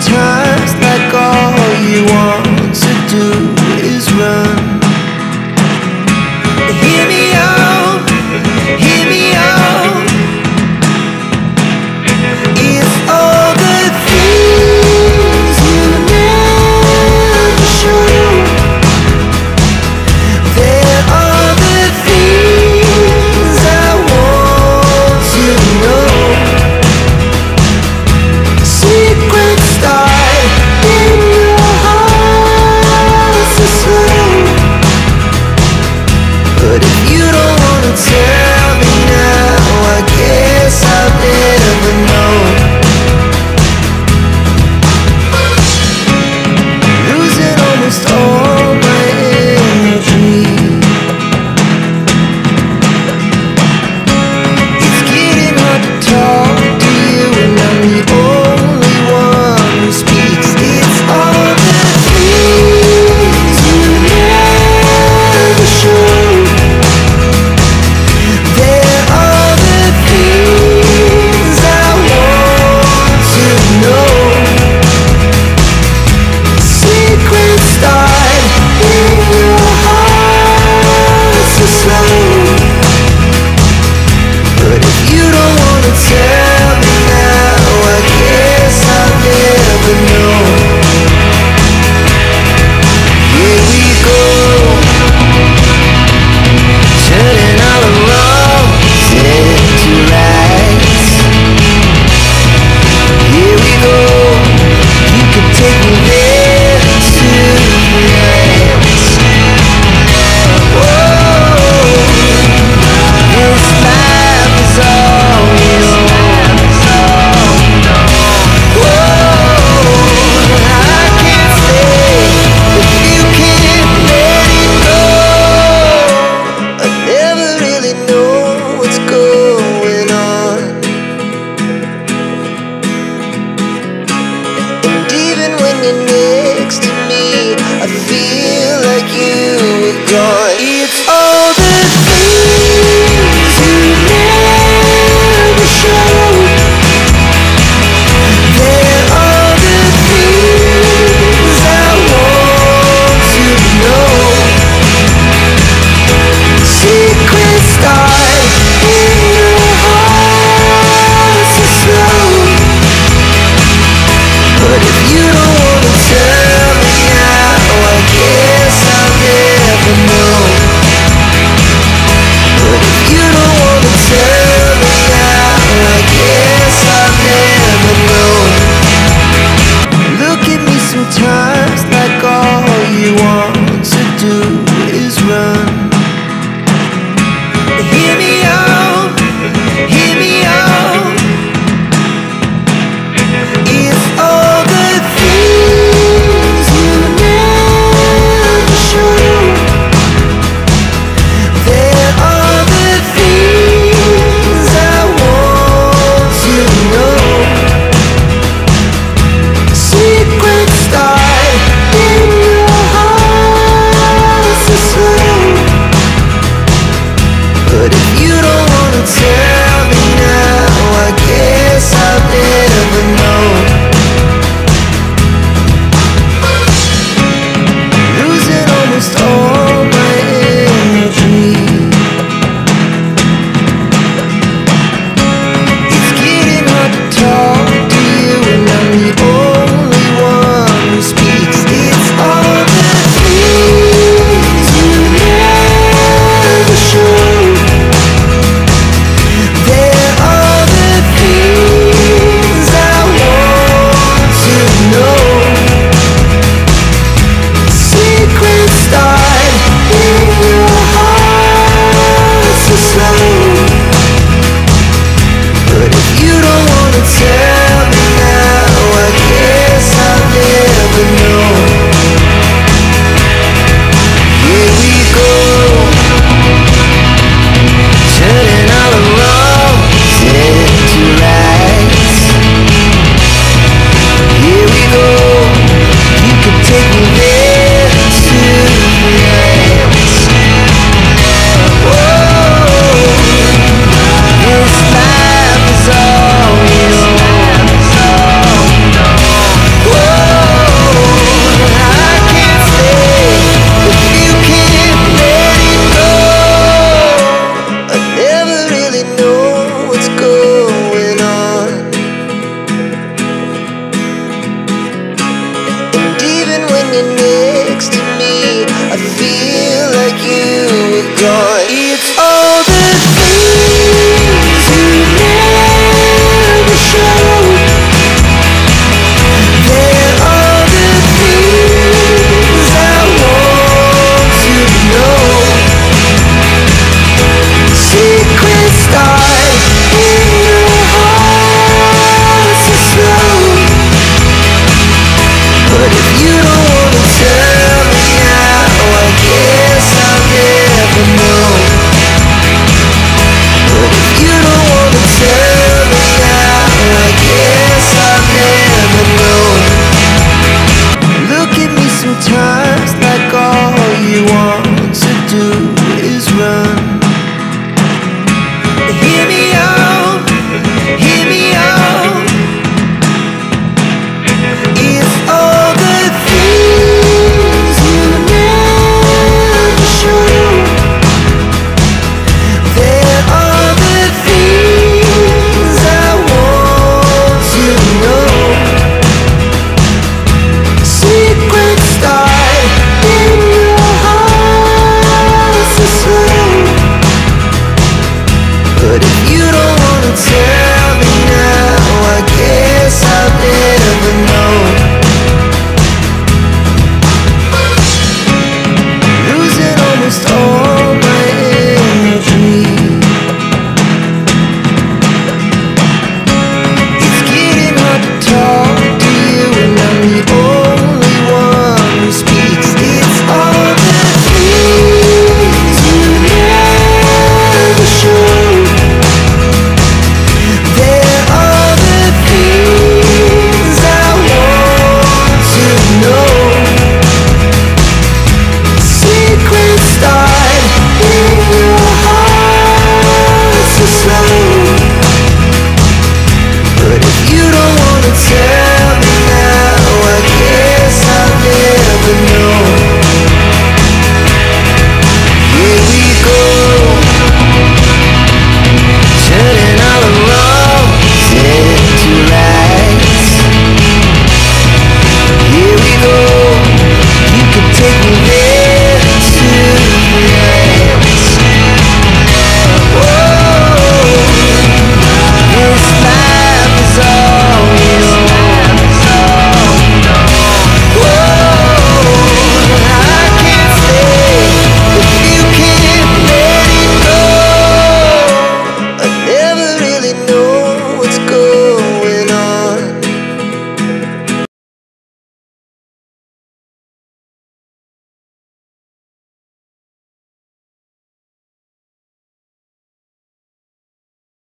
sometimes